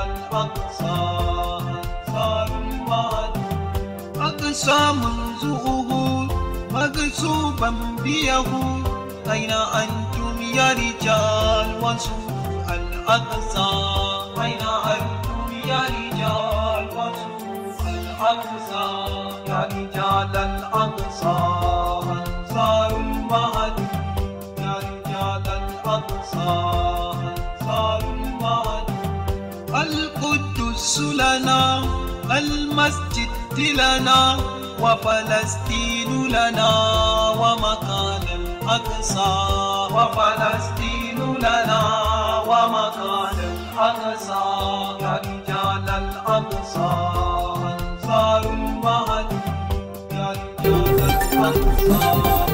أقسى أين أنتم يا رجال الأقصى أين أنتم يا رجال الأقصى يا رجال الأقصى يا رجال الأقصى القدس لنا المسجد لنا وفلسطين لنا ومكان الأقصى وفلسطين لنا ومكان الأقصى يا رجال الأقصى أنصار المهدي يا رجال الأقصى